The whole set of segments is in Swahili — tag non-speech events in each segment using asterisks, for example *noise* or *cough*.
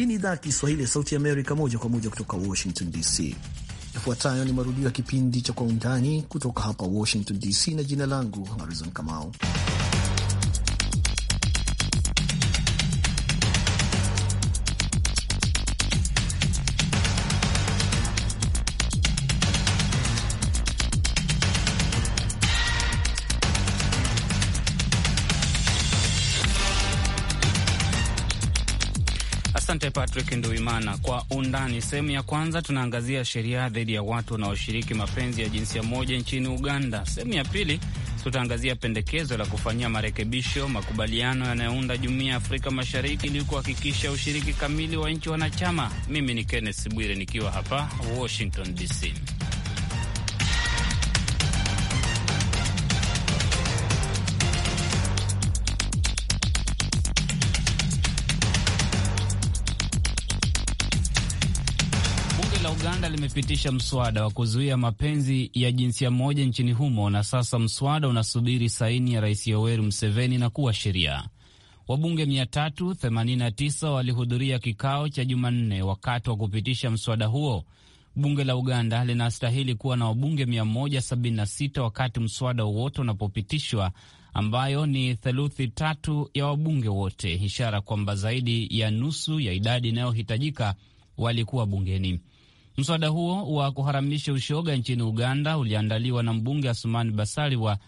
Hii ni idhaa ya Kiswahili ya Sauti Amerika, moja kwa moja kutoka Washington DC. Yafuatayo ni marudio ya kipindi cha Kwa Undani kutoka hapa Washington DC, na jina langu Harizon Kamau. Asante Patrick Nduimana. Kwa undani, sehemu ya kwanza tunaangazia sheria dhidi ya watu wanaoshiriki mapenzi ya jinsia moja nchini Uganda. Sehemu ya pili tutaangazia pendekezo la kufanyia marekebisho makubaliano yanayounda jumuiya ya Afrika Mashariki ili kuhakikisha ushiriki kamili wa nchi wanachama. Mimi ni Kenneth Bwire nikiwa hapa Washington DC. limepitisha mswada wa kuzuia mapenzi ya jinsia moja nchini humo, na sasa mswada unasubiri saini ya Rais Yoweri Museveni na kuwa sheria. Wabunge 389 walihudhuria kikao cha Jumanne wakati wa kupitisha mswada huo. Bunge la Uganda linastahili kuwa na wabunge 176 wakati mswada wowote unapopitishwa, ambayo ni theluthi tatu ya wabunge wote, ishara kwamba zaidi ya nusu ya idadi inayohitajika walikuwa bungeni. Mswada huo wa kuharamisha ushoga nchini Uganda uliandaliwa na mbunge Asumani Basalirwa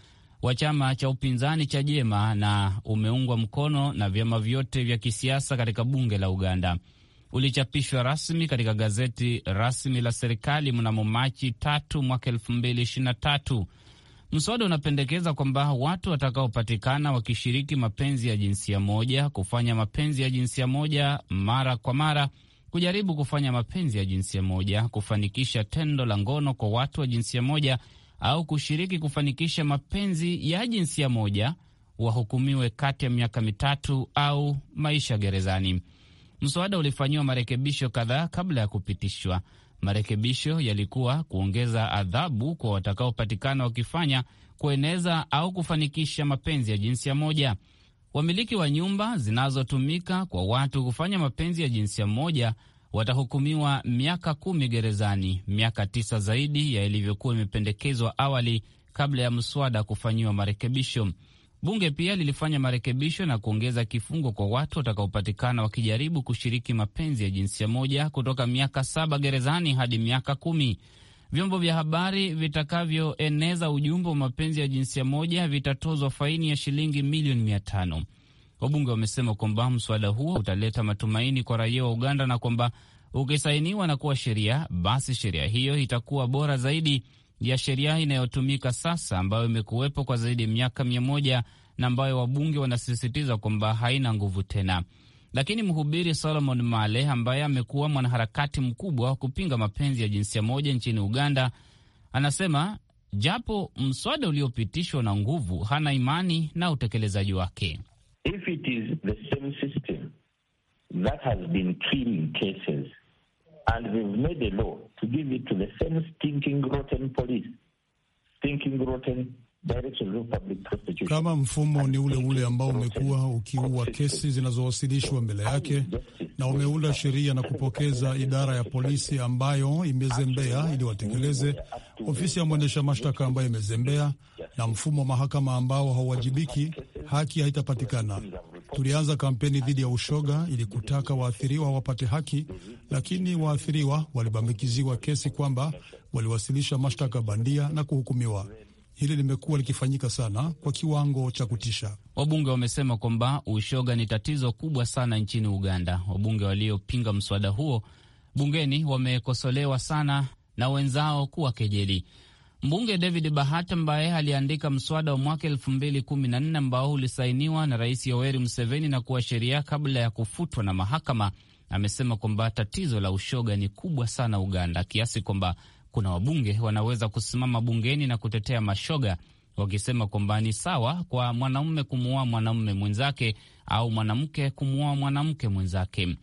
wa chama cha upinzani cha Jema na umeungwa mkono na vyama vyote vya kisiasa katika bunge la Uganda. Ulichapishwa rasmi katika gazeti rasmi la serikali mnamo Machi tatu mwaka elfu mbili ishirini na tatu. Mswada unapendekeza kwamba watu watakaopatikana wakishiriki mapenzi ya jinsia moja, kufanya mapenzi ya jinsia moja mara kwa mara kujaribu kufanya mapenzi ya jinsia moja, kufanikisha tendo la ngono kwa watu wa jinsia moja, au kushiriki kufanikisha mapenzi ya jinsia moja wahukumiwe kati ya miaka mitatu au maisha gerezani. Mswada ulifanyiwa marekebisho kadhaa kabla ya kupitishwa. Marekebisho yalikuwa kuongeza adhabu kwa watakaopatikana wakifanya, kueneza au kufanikisha mapenzi ya jinsia moja. Wamiliki wa nyumba zinazotumika kwa watu kufanya mapenzi ya jinsia moja watahukumiwa miaka kumi gerezani, miaka tisa zaidi ya ilivyokuwa imependekezwa awali kabla ya mswada kufanyiwa marekebisho. Bunge pia lilifanya marekebisho na kuongeza kifungo kwa watu watakaopatikana wakijaribu kushiriki mapenzi ya jinsia moja kutoka miaka saba gerezani hadi miaka kumi. Vyombo vya habari vitakavyoeneza ujumbe wa mapenzi ya jinsia moja vitatozwa faini ya shilingi milioni mia tano. Wabunge wamesema kwamba mswada huo utaleta matumaini kwa raia wa Uganda na kwamba ukisainiwa na kuwa sheria, basi sheria hiyo itakuwa bora zaidi ya sheria inayotumika sasa ambayo imekuwepo kwa zaidi ya miaka mia moja na ambayo wabunge wanasisitiza kwamba haina nguvu tena. Lakini mhubiri Solomon Male ambaye amekuwa mwanaharakati mkubwa wa kupinga mapenzi ya jinsia moja nchini Uganda anasema japo mswada uliopitishwa na nguvu hana imani na utekelezaji wake. If it is the same system that has been killing cases and we've made a law to give it to the same stinking rotten police, stinking rotten kama mfumo ni ule ule ambao umekuwa ukiua kesi zinazowasilishwa mbele yake na umeunda sheria na kupokeza idara ya polisi ambayo imezembea ili watekeleze, ofisi ya mwendesha mashtaka ambayo imezembea, na mfumo wa mahakama ambao hauwajibiki, haki haitapatikana. Tulianza kampeni dhidi ya ushoga ili kutaka waathiriwa wapate haki, lakini waathiriwa walibambikiziwa kesi kwamba waliwasilisha mashtaka bandia na kuhukumiwa. Hili limekuwa likifanyika sana kwa kiwango cha kutisha. Wabunge wamesema kwamba ushoga ni tatizo kubwa sana nchini Uganda. Wabunge waliopinga mswada huo bungeni wamekosolewa sana na wenzao kuwa kejeli. Mbunge David bahat ambaye aliandika mswada wa mwaka elfu mbili kumi na nne ambao ulisainiwa na Rais Yoweri Museveni na kuwa sheria kabla ya kufutwa na mahakama, amesema kwamba tatizo la ushoga ni kubwa sana Uganda kiasi kwamba kuna wabunge wanaweza kusimama bungeni na kutetea mashoga wakisema kwamba ni sawa kwa mwanaume kumuoa mwanaume mwenzake au mwanamke kumuoa mwanamke mwenzake.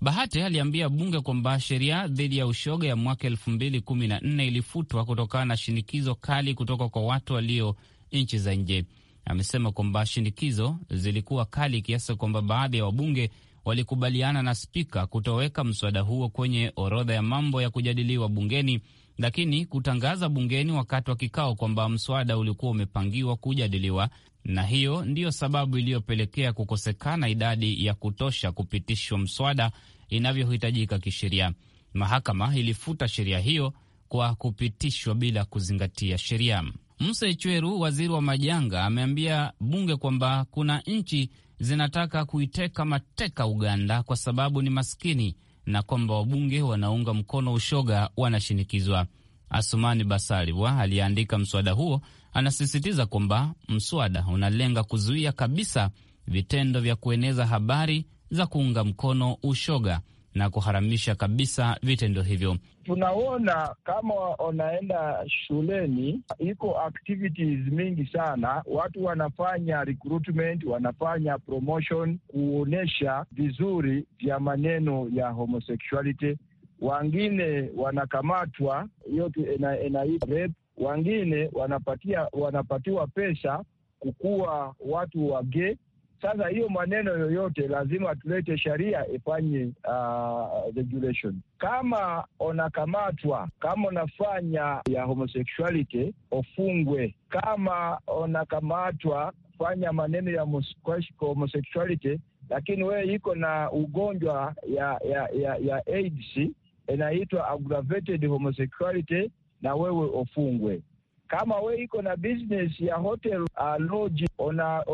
Bahati aliambia bunge kwamba sheria dhidi ya ushoga ya mwaka elfu mbili kumi na nne ilifutwa kutokana na shinikizo kali kutoka kwa watu walio nchi za nje. Amesema kwamba shinikizo zilikuwa kali kiasi kwamba baadhi ya wabunge walikubaliana na spika kutoweka mswada huo kwenye orodha ya mambo ya kujadiliwa bungeni lakini kutangaza bungeni wakati wa kikao kwamba mswada ulikuwa umepangiwa kujadiliwa, na hiyo ndiyo sababu iliyopelekea kukosekana idadi ya kutosha kupitishwa mswada inavyohitajika kisheria. Mahakama ilifuta sheria hiyo kwa kupitishwa bila kuzingatia sheria. mse chweru waziri wa majanga, ameambia bunge kwamba kuna nchi zinataka kuiteka mateka Uganda kwa sababu ni maskini na kwamba wabunge wanaunga mkono ushoga wanashinikizwa. Asumani Basalirwa aliyeandika mswada huo anasisitiza kwamba mswada unalenga kuzuia kabisa vitendo vya kueneza habari za kuunga mkono ushoga na kuharamisha kabisa vitendo hivyo. Tunaona kama wanaenda shuleni, iko activities mingi sana, watu wanafanya recruitment, wanafanya promotion, kuonyesha vizuri vya maneno ya homosexuality. Wangine wanakamatwa, hiyo inaitwa rape. Wangine wanapatia wanapatiwa pesa kukuwa watu wa gay sasa hiyo maneno yoyote lazima tulete sheria ifanye uh, regulation. Kama unakamatwa kama unafanya ya homosexuality ofungwe, kama unakamatwa fanya maneno ya homosexuality lakini wewe iko na ugonjwa ya ya ya, ya AIDS inaitwa aggravated homosexuality, na wewe ofungwe. Kama we iko na business ya hotel uh, lodge,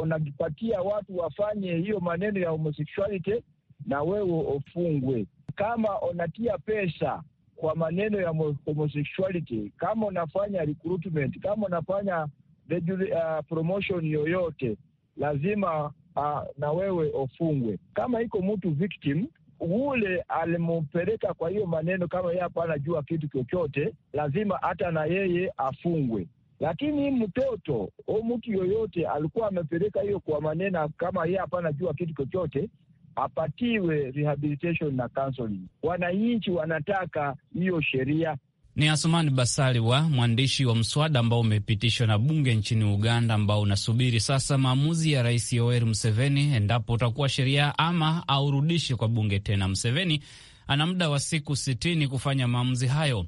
unajipatia ona watu wafanye hiyo maneno ya homosexuality, na wewe ofungwe. Kama unatia pesa kwa maneno ya homosexuality, kama unafanya recruitment, kama unafanya uh, promotion yoyote, lazima uh, na wewe ofungwe. Kama iko mtu victim ule alimpeleka kwa hiyo maneno, kama yeye hapana anajua kitu chochote, lazima hata na yeye afungwe. Lakini mtoto o mtu yoyote alikuwa amepeleka hiyo kwa maneno, kama yeye hapana anajua kitu chochote, apatiwe rehabilitation na counseling. Wananchi wanataka hiyo sheria ni Asumani Basari wa mwandishi wa mswada ambao umepitishwa na bunge nchini Uganda, ambao unasubiri sasa maamuzi ya Rais Yoweri Museveni endapo utakuwa sheria ama aurudishe kwa bunge tena. Museveni ana muda wa siku sitini kufanya maamuzi hayo,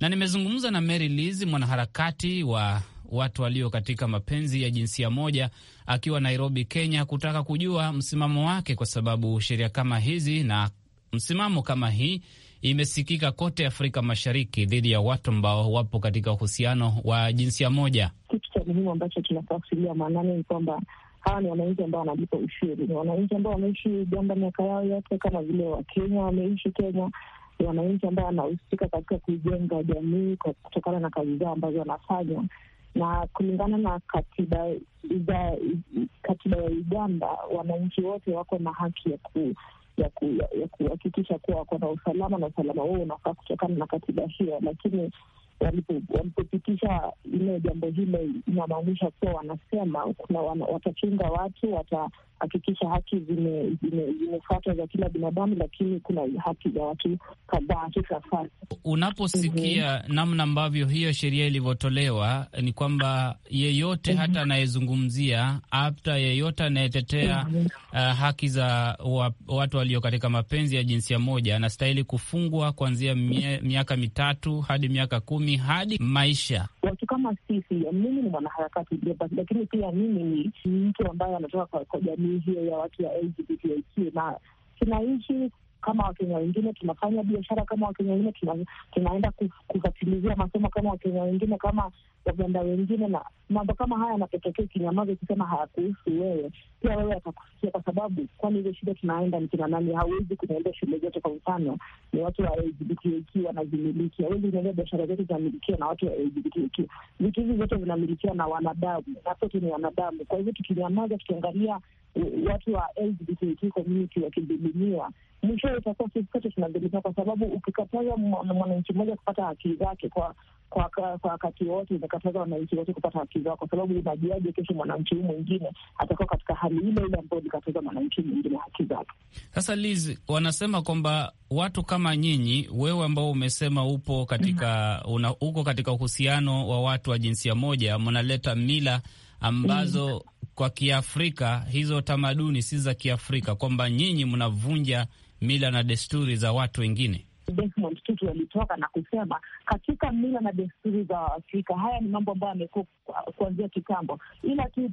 na nimezungumza na Mary Liz, mwanaharakati wa watu walio katika mapenzi ya jinsia moja akiwa Nairobi, Kenya, kutaka kujua msimamo wake, kwa sababu sheria kama hizi na msimamo kama hii imesikika kote Afrika Mashariki dhidi ya watu ambao wapo katika uhusiano wa jinsia moja. Kitu cha muhimu ambacho tunatafsiria maanani ni kwamba hawa ni wananchi ambao wanalipa ushuru, ni wananchi ambao wameishi Uganda miaka yao yote, kama vile Wakenya wameishi Kenya, ni wananchi ambao wanahusika katika kuijenga jamii kutokana na kazi zao ambazo wanafanya na kulingana na katiba iza, katiba ya Uganda, wananchi wote wako na haki ya ku ya kuhakikisha kuwa kuna usalama na usalama huo unafaa kutokana na katiba hiyo, lakini walipopitisha ile jambo hilo, inamaanisha kuwa wanasema kuna wana, watachunga watu, watahakikisha haki zimefuatwa za kila binadamu, lakini kuna haki za watu kadhaa hakikafaa. Unaposikia mm -hmm. namna ambavyo hiyo sheria ilivyotolewa ni kwamba yeyote mm -hmm. hata anayezungumzia hata yeyote anayetetea mm -hmm. uh, haki za wa, watu walio katika mapenzi ya jinsia moja anastahili kufungwa kuanzia miaka mitatu hadi miaka kumi uchumi hadi maisha. Watu kama sisi, mimi ni mwanaharakati, lakini pia mimi ni mtu ambaye anatoka kwa jamii hiyo ya watu ya LGBTQ na tunaishi kama Wakenya wengine, tunafanya biashara kama Wakenya wengine, tunaenda kufatilizia masomo kama Wakenya wengine, kama Waganda wengine, na mambo kama haya yanapotokea, ukinyamaza, ukisema hayakuhusu wewe, pia wewe atakusikia, kwa sababu kwani hizo shida tunaenda ni kina nani? Hauwezi kunaenda shule zote, kwa mfano ni watu wa LGBTQ wanazimiliki. Hawezi unaenda biashara zote zinamilikiwa na watu wa LGBTQ. Vitu hivi vyote vinamilikiwa na wanadamu, na sote ni wanadamu. Kwa hivyo tukinyamaza, tukiangalia watu wa LGBTQ community wakidhulumiwa mwishowe itakuwa sisi sote tunadhulumiwa, kwa sababu ukikataza mwananchi mmoja kupata haki zake kwa kwa wakati wote, imekataza wananchi wote kupata haki zao, kwa sababu unajuaje kesho mwananchi huu mwingine atakuwa katika hali ile ile ambayo ilikataza mwananchi mwingine haki zake? Sasa Liz, wanasema kwamba watu kama nyinyi, wewe ambao umesema upo katika mm, una, uko katika uhusiano wa watu wa jinsia moja, mnaleta mila ambazo mm kwa Kiafrika hizo tamaduni si za Kiafrika, kwamba nyinyi mnavunja mila na desturi za watu wengine. Desmond Tutu walitoka na kusema katika mila na desturi za Afrika, haya ni mambo ambayo amekuwa kuanzia kitambo, ila tu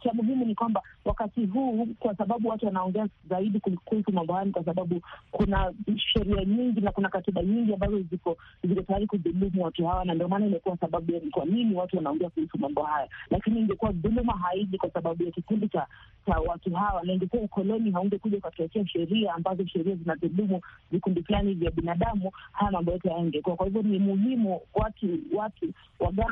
cha muhimu ni kwamba wakati huu, kwa sababu watu wanaongea zaidi kuhusu mambo haya, kwa sababu kuna sheria nyingi na kuna katiba nyingi ambazo ziko ziko tayari kudhulumu watu hawa, na ndio maana imekuwa sababu ya kwa nini watu wanaongea kuhusu mambo haya. Lakini ingekuwa dhuluma haiji kwa sababu ya kikundi cha cha watu hawa, na ingekuwa ukoloni haungekuja ukachochea sheria ambazo sheria zinadhulumu vikundi fulani vya binadamu, haya mambo yote hayangekuwa. Kwa hivyo ni muhimu watu watu waga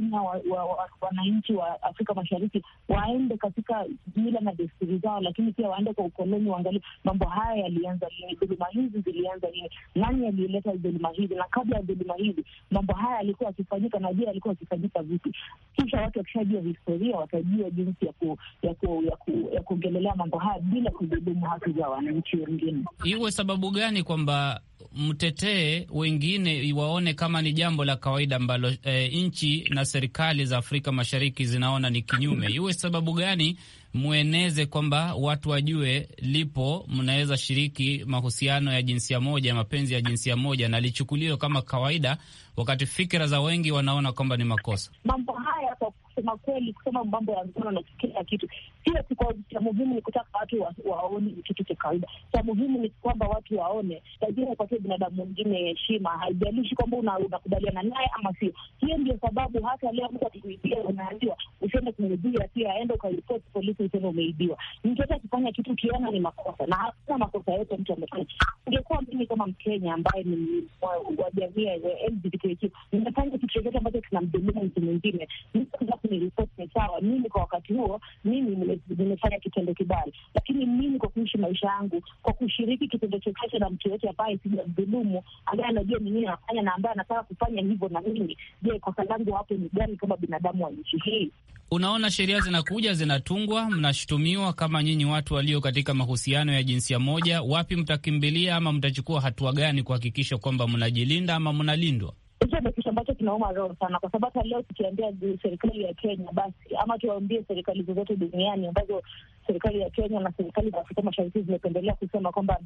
Wakenya wananchi wa, wa, wa Afrika Mashariki waende katika mila na desturi zao, lakini pia waende kwa ukoloni, waangalie mambo haya yalianza lini, dhuluma hizi zilianza lini, nani aliyeleta dhuluma hizi, na kabla ya dhuluma hizi mambo haya yalikuwa yakifanyika, na je, yalikuwa yakifanyika vipi? Kisha watu wakishajua historia watajua jinsi ya ku, ya ku, ya ku, ya kuongelelea mambo haya bila kudhulumu haki za wananchi wengine. Iwe sababu gani kwamba mtetee, wengine waone kama ni jambo la kawaida ambalo e, nchi na serikali za Afrika Mashariki zinaona ni kinyume. *clears throat* Iwe sababu gani, mweneze kwamba watu wajue lipo, mnaweza shiriki mahusiano ya jinsia moja, mapenzi ya jinsia moja, na lichukuliwe kama kawaida, wakati fikira za wengi wanaona kwamba ni makosa. Mambo haya kwa kusema kweli, kusema mambo ya ngono na kila kitu kila cha muhimu ni kutaka watu wa, waone kitu cha kawaida. Cha muhimu ni kwamba watu waone, lazima upatie binadamu mwingine heshima, haijalishi kwamba unakubaliana naye ama sio. Hiyo ndio sababu hata leo mtu akikuibia, unaambiwa usiende kuibia, pia aenda ukaripoti polisi, useme umeibiwa. Mtoto akifanya kitu ukiona ni makosa, na hakuna makosa yote mtu amefanya. Ungekuwa mimi kama Mkenya ambaye ni wa jamii ya LGBTQ, nimefanya kitu chochote ambacho kinamdhulumu mtu mwingine, mtu kuniripoti ni sawa, mimi kwa wakati huo mimi zimefanya kitendo kibaya, lakini mimi kwa kuishi maisha yangu kwa kushiriki kitendo chochote na mtu yoyote ambaye sijamdhulumu, ambaye anajua ni nini anafanya na ambaye anataka kufanya hivyo na mimi, je, kosa langu hapo ni gani kama binadamu wa nchi hii? Unaona, sheria zinakuja zinatungwa, mnashutumiwa kama nyinyi watu walio katika mahusiano ya jinsia moja, wapi mtakimbilia ama mtachukua hatua gani kuhakikisha kwamba mnajilinda ama mnalindwa? hicho ni kitu ambacho kinauma roho sana, kwa sababu hata leo tukiambia serikali ya Kenya basi, ama tuwaambie serikali zozote duniani ambazo serikali ya Kenya na serikali za Afrika Mashariki zimependelea kusema kwamba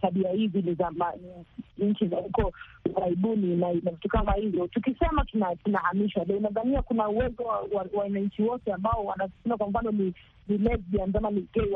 tabia hizi ni za nchi za huko ughaibuni na vitu kama hivyo, tukisema tunahamishwa. Nadhania kuna uwezo wa wananchi wote ambao wanasema, kwa mfano ni ni lesbians ama ni gei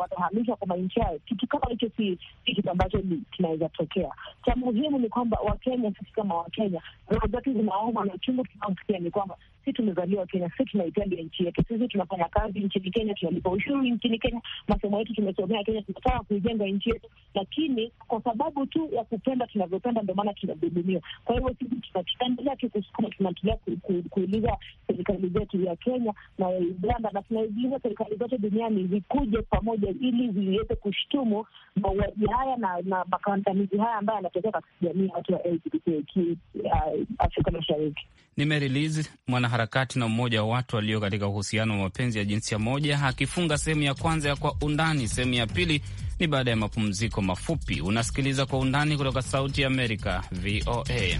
watahamishwa kwa manchi yayo Kitu kama hicho si kitu ambacho kinaweza tokea. Cha muhimu ni kwamba Wakenya, sisi kama Wakenya, roho zetu zinaomba na uchungu tunaosikia ni kwamba si tumezaliwa Kenya, si tunaipenda nchi yetu. Sisi tunafanya kazi nchini Kenya, tunalipa ushuru nchini Kenya, masomo yetu tumesomea Kenya, tunataka kuijenga nchi yetu, lakini kwa sababu tu ya kupenda tunavyopenda, ndio maana tunadhulumiwa. Kwa hivyo sisi tutaendelea tu kusukuma, tunaendelea kuuliza serikali zetu ya Kenya na ya Uganda na tunauliza serikali zote duniani zikuje pamoja, ili ziweze kushtumu mauaji haya na, na makandamizi haya ambayo yanatokea katika jamii ya watu wa LGBTQ uh, Afrika Mashariki. Ni Mary Liz mwana mwanaharakati na mmoja wa watu walio katika uhusiano wa mapenzi ya jinsia moja, akifunga sehemu ya kwanza ya Kwa Undani. Sehemu ya pili ni baada ya mapumziko mafupi. Unasikiliza Kwa Undani kutoka Sauti ya Amerika, VOA.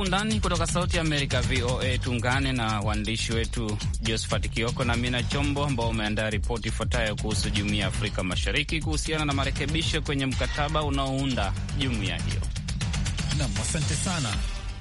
undani kutoka Sauti america Amerika, VOA. Tuungane na waandishi wetu Josephat Kioko na Mina Chombo ambao wameandaa ripoti ifuatayo kuhusu Jumuiya ya Afrika Mashariki kuhusiana na marekebisho kwenye mkataba unaounda jumuiya hiyo. Nam, asante sana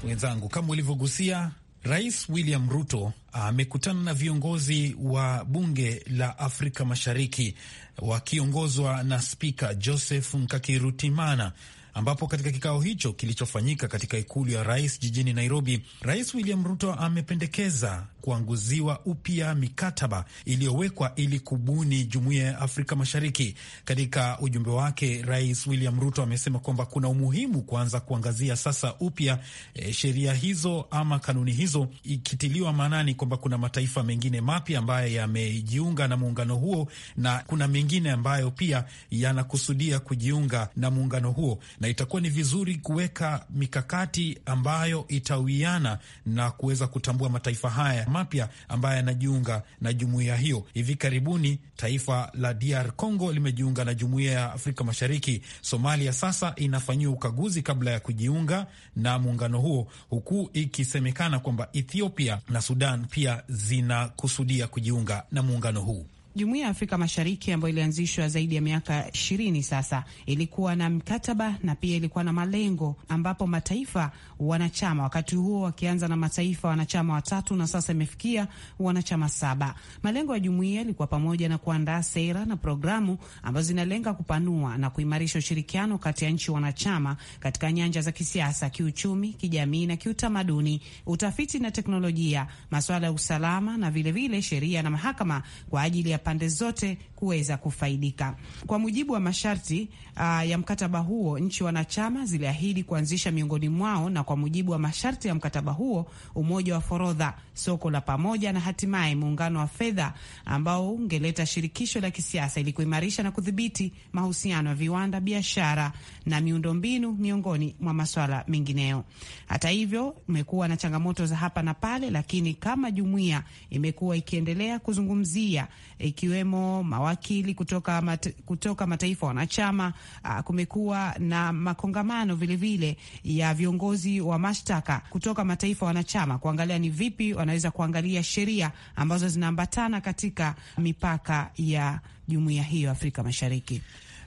wenzangu. Kama ulivyogusia, Rais William Ruto amekutana na viongozi wa bunge la Afrika Mashariki wakiongozwa na Spika Joseph Nkakirutimana ambapo katika kikao hicho kilichofanyika katika ikulu ya rais jijini Nairobi, Rais William Ruto amependekeza kuanguziwa upya mikataba iliyowekwa ili kubuni jumuiya ya Afrika Mashariki. Katika ujumbe wake, Rais William Ruto amesema kwamba kuna umuhimu kuanza kuangazia sasa upya e, sheria hizo ama kanuni hizo, ikitiliwa maanani kwamba kuna mataifa mengine mapya ambayo yamejiunga na muungano huo na kuna mengine ambayo pia yanakusudia kujiunga na muungano huo na itakuwa ni vizuri kuweka mikakati ambayo itawiana na kuweza kutambua mataifa haya mapya ambayo yanajiunga na jumuiya hiyo. Hivi karibuni taifa la DR Congo limejiunga na jumuiya ya Afrika Mashariki. Somalia sasa inafanyiwa ukaguzi kabla ya kujiunga na muungano huo, huku ikisemekana kwamba Ethiopia na Sudan pia zinakusudia kujiunga na muungano huu. Jumuiya ya Afrika Mashariki ambayo ilianzishwa zaidi ya miaka ishirini sasa ilikuwa na mkataba na pia ilikuwa na malengo, ambapo mataifa wanachama wakati huo wakianza na mataifa wanachama watatu na sasa imefikia wanachama saba. Malengo ya jumuiya ilikuwa pamoja na kuandaa sera na programu ambazo zinalenga kupanua na kuimarisha ushirikiano kati ya nchi wanachama katika nyanja za kisiasa, kiuchumi, kijamii na kiutamaduni, utafiti na teknolojia, masuala ya usalama na vilevile sheria na mahakama kwa ajili ya pande zote kuweza kufaidika. Kwa mujibu wa masharti uh, ya mkataba huo, nchi wanachama ziliahidi kuanzisha miongoni mwao, na kwa mujibu wa masharti ya mkataba huo, umoja wa forodha, soko la pamoja na hatimaye muungano wa fedha ambao ungeleta shirikisho la kisiasa ili kuimarisha na kudhibiti mahusiano ya viwanda, biashara na miundombinu miongoni mwa masuala mengineo Hata hivyo, imekuwa na changamoto za hapa na pale, lakini kama jumuiya imekuwa ikiendelea kuzungumzia e ikiwemo mawakili kutoka, mat, kutoka mataifa wanachama. Ah, kumekuwa na makongamano vilevile vile ya viongozi wa mashtaka kutoka mataifa wanachama kuangalia ni vipi wanaweza kuangalia sheria ambazo zinaambatana katika mipaka ya jumuiya hiyo Afrika Mashariki.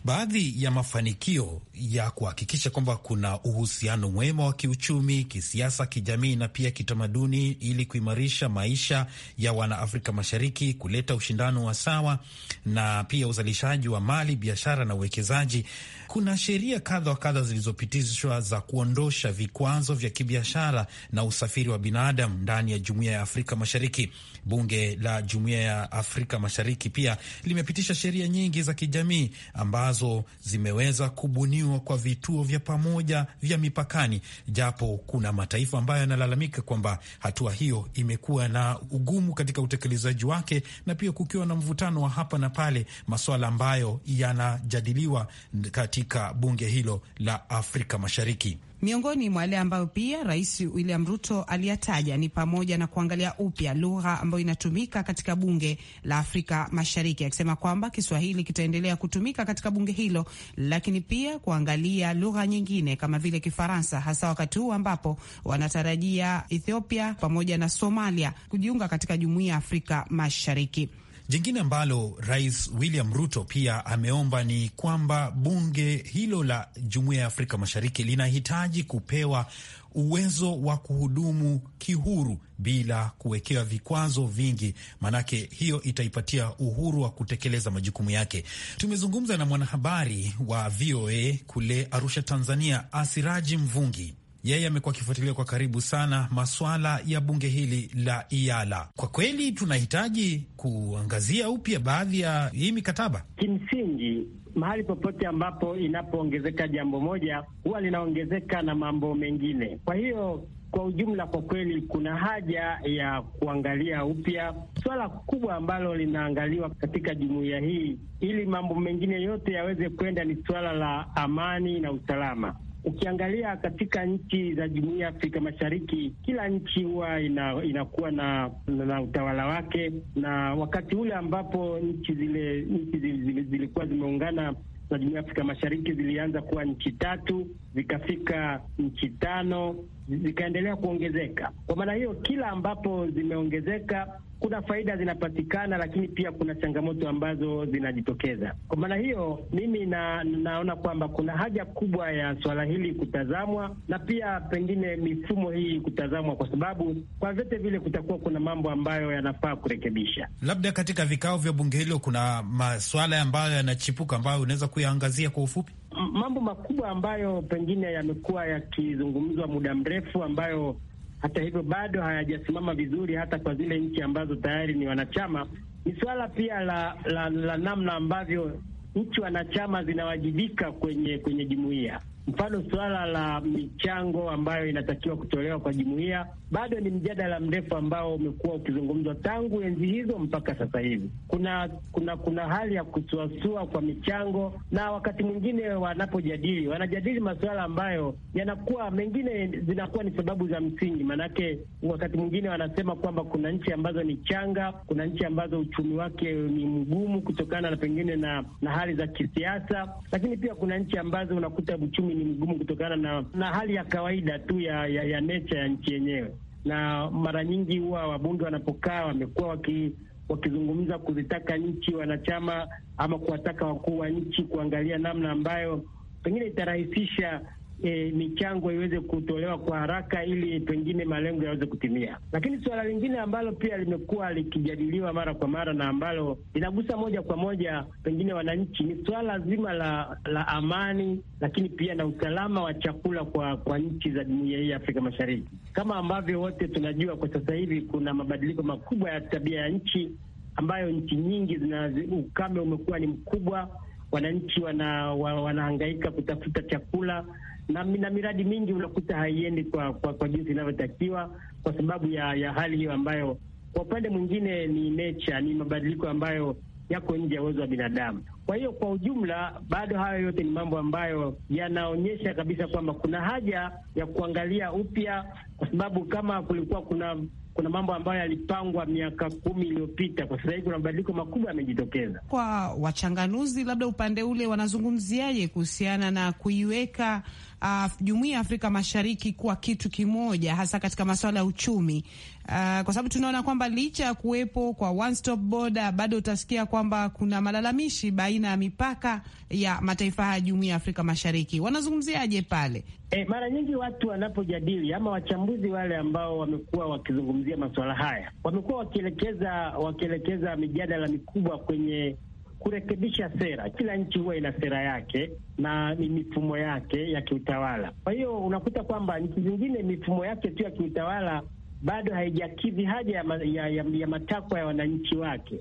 Baadhi ya mafanikio ya kuhakikisha kwamba kuna uhusiano mwema wa kiuchumi, kisiasa, kijamii na pia kitamaduni ili kuimarisha maisha ya Wanaafrika Mashariki, kuleta ushindano wa sawa na pia uzalishaji wa mali, biashara na uwekezaji. Kuna sheria kadha wa kadha zilizopitishwa za kuondosha vikwazo vya kibiashara na usafiri wa binadamu ndani ya Jumuiya ya Afrika Mashariki. Bunge la Jumuiya ya Afrika Mashariki pia limepitisha sheria nyingi za kijamii ambazo ambazo zimeweza kubuniwa kwa vituo vya pamoja vya mipakani, japo kuna mataifa ambayo yanalalamika kwamba hatua hiyo imekuwa na ugumu katika utekelezaji wake, na pia kukiwa na mvutano wa hapa na pale, masuala ambayo yanajadiliwa katika bunge hilo la Afrika Mashariki. Miongoni mwa yale ambayo pia Rais William Ruto aliyataja ni pamoja na kuangalia upya lugha ambayo inatumika katika bunge la Afrika Mashariki, akisema kwamba Kiswahili kitaendelea kutumika katika bunge hilo, lakini pia kuangalia lugha nyingine kama vile Kifaransa, hasa wakati huu ambapo wanatarajia Ethiopia pamoja na Somalia kujiunga katika Jumuiya ya Afrika Mashariki. Jingine ambalo Rais William Ruto pia ameomba ni kwamba bunge hilo la Jumuiya ya Afrika Mashariki linahitaji kupewa uwezo wa kuhudumu kihuru bila kuwekewa vikwazo vingi, maanake hiyo itaipatia uhuru wa kutekeleza majukumu yake. Tumezungumza na mwanahabari wa VOA kule Arusha, Tanzania, Asiraji Mvungi yeye amekuwa akifuatilia kwa karibu sana maswala ya bunge hili la IALA. Kwa kweli tunahitaji kuangazia upya baadhi ya hii mikataba. Kimsingi, mahali popote ambapo inapoongezeka jambo moja huwa linaongezeka na mambo mengine, kwa hiyo kwa ujumla kwa kweli kuna haja ya kuangalia upya swala kubwa ambalo linaangaliwa katika jumuiya hii, ili mambo mengine yote yaweze kwenda, ni suala la amani na usalama ukiangalia katika nchi za jumuiya ya Afrika Mashariki, kila nchi huwa ina, inakuwa na, na utawala wake, na wakati ule ambapo nchi zile nchi zilikuwa zimeungana na jumuiya ya Afrika Mashariki zilianza kuwa nchi tatu, zikafika nchi tano, zikaendelea kuongezeka. Kwa maana hiyo, kila ambapo zimeongezeka kuna faida zinapatikana, lakini pia kuna changamoto ambazo zinajitokeza. Kwa maana hiyo, mimi na, naona kwamba kuna haja kubwa ya swala hili kutazamwa na pia pengine mifumo hii kutazamwa, kwa sababu kwa vyote vile kutakuwa kuna mambo ambayo yanafaa kurekebisha. Labda katika vikao vya bunge hilo kuna maswala ambayo yanachipuka ambayo unaweza kuyaangazia kwa ufupi? mambo makubwa ambayo pengine yamekuwa yakizungumzwa muda mrefu ambayo hata hivyo bado hayajasimama vizuri hata kwa zile nchi ambazo tayari ni wanachama. Ni suala pia la, la, la namna ambavyo nchi wanachama zinawajibika kwenye kwenye jumuiya. Mfano, suala la michango ambayo inatakiwa kutolewa kwa jumuiya bado ni mjadala mrefu ambao umekuwa ukizungumzwa tangu enzi hizo mpaka sasa hivi. Kuna kuna kuna hali ya kusuasua kwa michango, na wakati mwingine wanapojadili, wanajadili masuala ambayo yanakuwa mengine zinakuwa ni sababu za msingi. Maanake wakati mwingine wanasema kwamba kuna nchi ambazo ni changa, kuna nchi ambazo uchumi wake ni mgumu kutokana na pengine na, na hali za kisiasa, lakini pia kuna nchi ambazo unakuta uchumi ni mgumu kutokana na, na hali ya kawaida tu ya, ya, ya nature ya nchi yenyewe, na mara nyingi huwa wabunge wanapokaa wamekuwa waki wakizungumza kuzitaka nchi wanachama ama kuwataka wakuu wa nchi kuangalia namna ambayo pengine itarahisisha e, michango iweze kutolewa kwa haraka ili pengine malengo yaweze kutimia. Lakini suala lingine ambalo pia limekuwa likijadiliwa mara kwa mara na ambalo linagusa moja kwa moja pengine wananchi ni suala zima la, la amani, lakini pia na usalama wa chakula kwa, kwa nchi za jumuiya hii ya Afrika Mashariki. Kama ambavyo wote tunajua kwa sasa hivi kuna mabadiliko makubwa ya tabia ya nchi ambayo nchi nyingi zina ukame umekuwa ni mkubwa, wananchi wana, wa, wanahangaika kutafuta chakula na, na miradi mingi unakuta haiendi kwa kwa, kwa jinsi inavyotakiwa kwa sababu ya, ya hali hiyo ambayo kwa upande mwingine ni nature, ni mabadiliko ambayo yako nje ya uwezo wa binadamu. Kwa hiyo kwa ujumla, bado hayo yote ni mambo ambayo yanaonyesha kabisa kwamba kuna haja ya kuangalia upya, kwa sababu kama kulikuwa kuna kuna mambo ambayo yalipangwa miaka kumi iliyopita, kwa sasa hivi kuna mabadiliko makubwa yamejitokeza. Kwa wachanganuzi, labda upande ule wanazungumziaje kuhusiana na kuiweka uh, ya Afrika Mashariki kuwa kitu kimoja, hasa katika masuala ya uchumi uh, kwa sababu tunaona kwamba licha ya kuwepo kwa one stop border, bado utasikia kwamba kuna malalamishi baina ya mipaka ya mataifa haya jumuiya ya Afrika Mashariki. Wanazungumziaje pale? E, mara nyingi watu wanapojadili ama wachambuzi wale ambao wamekuwa wakizungumzia masuala haya wamekuwa wakielekeza wakielekeza mijadala mikubwa kwenye kurekebisha sera. Kila nchi huwa ina sera yake na ni mifumo yake ya kiutawala. Kwa hiyo unakuta kwamba nchi zingine mifumo yake tu ya kiutawala bado haijakidhi haja ya, ma, ya, ya, ya matakwa ya wananchi wake.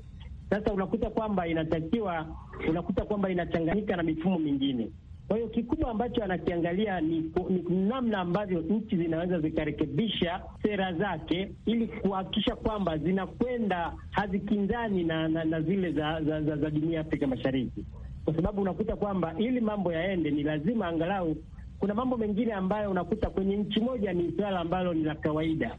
Sasa unakuta kwamba inatakiwa, unakuta kwamba inachanganyika na mifumo mingine. Kwa hiyo kikubwa ambacho anakiangalia ni, ni namna ambavyo nchi zinaweza zikarekebisha sera zake ili kuhakikisha kwamba zinakwenda hazikinzani na, na, na zile za, za, za, za jumuiya ya Afrika Mashariki, kwa sababu unakuta kwamba ili mambo yaende ni lazima angalau kuna mambo mengine ambayo unakuta kwenye nchi moja ni swala ambalo ni la kawaida,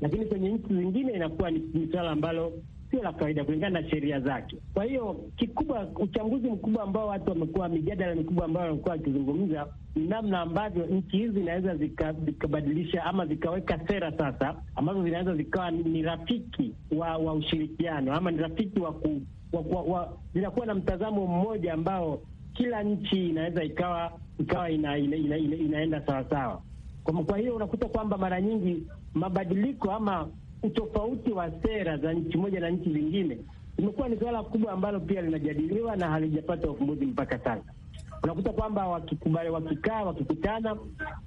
lakini kwenye nchi zingine inakuwa ni swala ambalo sio la kawaida kulingana na sheria zake. Kwa hiyo kikubwa, uchambuzi mkubwa ambao watu wamekuwa, mijadala mikubwa ambayo wamekuwa wakizungumza ni namna ambavyo nchi hizi zinaweza zikabadilisha zika ama zikaweka sera sasa ambazo zinaweza zikawa ni rafiki wa, wa ushirikiano ama ni rafiki wa ku, wa, wa, wa, zinakuwa na mtazamo mmoja ambao kila nchi inaweza ikawa ikawa ina, ina, ina, ina, inaenda sawasawa. Kwa hiyo unakuta kwamba mara nyingi mabadiliko ama utofauti wa sera za nchi moja na nchi zingine imekuwa ni suala kubwa ambalo pia linajadiliwa na halijapata ufumbuzi mpaka sasa. Unakuta kwamba wakikubali, wakikaa, wakikutana,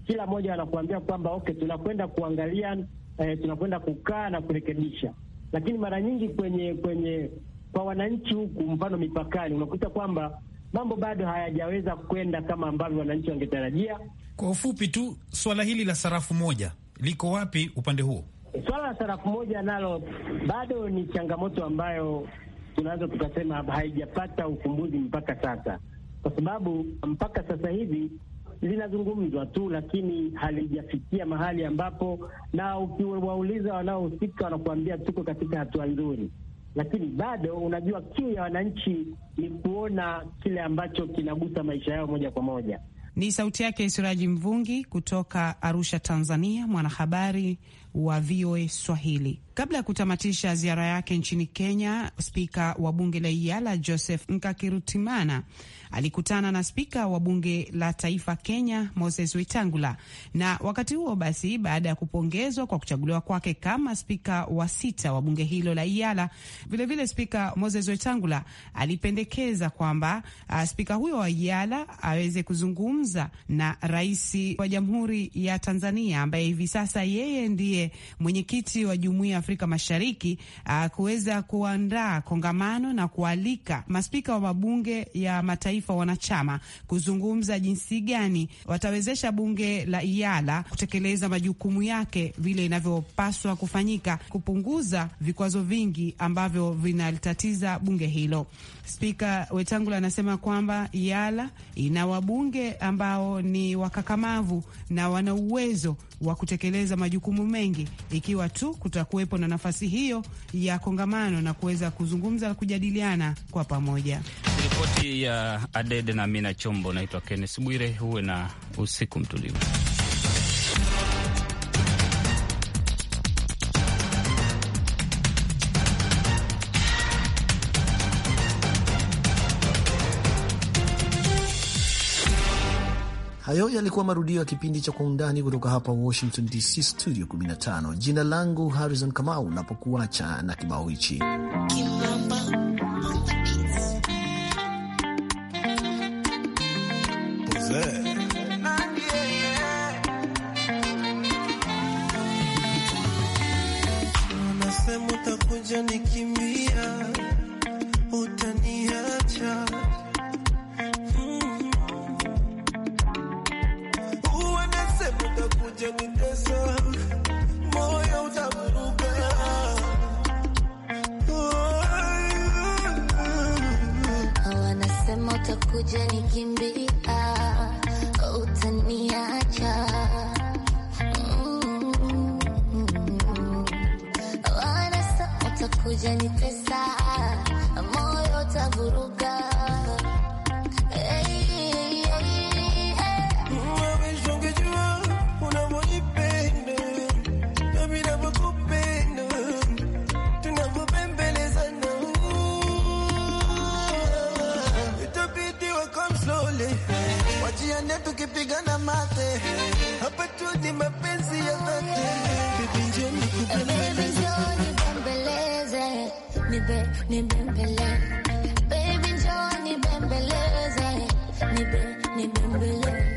kila mmoja anakuambia kwamba okay, tunakwenda kuangalia eh, tunakwenda kukaa na kurekebisha, lakini mara nyingi kwenye kwenye kwa wananchi huku, mfano mipakani, unakuta kwamba mambo bado hayajaweza kwenda kama ambavyo wananchi wangetarajia. Kwa ufupi tu, swala hili la sarafu moja liko wapi upande huo? Swala la sarafu moja nalo bado ni changamoto ambayo tunaweza tukasema haijapata ufumbuzi mpaka sasa, kwa sababu mpaka sasa hivi linazungumzwa tu, lakini halijafikia mahali ambapo, na ukiwauliza wanaohusika wanakuambia tuko katika hatua nzuri, lakini bado unajua, kiu ya wananchi ni kuona kile ambacho kinagusa maisha yao moja kwa moja. Ni sauti yake Siraji Mvungi kutoka Arusha, Tanzania, mwanahabari wa VOA Swahili. Kabla ya kutamatisha ziara yake nchini Kenya, spika wa bunge la iala Joseph Nkakirutimana alikutana na spika wa bunge la taifa Kenya Moses Wetangula, na wakati huo basi, baada ya kupongezwa kwa kuchaguliwa kwake kama spika wa sita wa bunge hilo la iala vilevile spika Moses Wetangula alipendekeza kwamba uh, spika huyo wa Iala aweze kuzungumza na rais wa Jamhuri ya Tanzania ambaye hivi sasa yeye ndiye mwenyekiti wa Jumuiya ya Afrika Mashariki uh, kuweza kuandaa kongamano na kualika maspika wa mabunge ya mataifa wanachama kuzungumza jinsi gani watawezesha bunge la IALA kutekeleza majukumu yake vile inavyopaswa kufanyika, kupunguza vikwazo vingi ambavyo vinalitatiza bunge hilo. Spika Wetangula anasema kwamba IALA ina wabunge ambao ni wakakamavu na wana uwezo wa kutekeleza majukumu mengi, ikiwa tu kutakuwepo na nafasi hiyo ya kongamano na kuweza kuzungumza na kujadiliana kwa pamoja. Ripoti ya Adede na Mina Chombo. Naitwa Kennes Bwire, huwe na usiku mtulivu. Hayo yalikuwa marudio ya kipindi cha Kwa Undani kutoka hapa Washington DC, studio 15. Jina langu Harrison Kamau, napokuacha na kibao hichi. hujanitesa moyo tavuruga Wajiane tukipigana mate hapa tu ni mapenzi ya dhati, bibi njoni kupenda nibe, nibembele. Baby, njoo nibembeleze, nibe, nibembele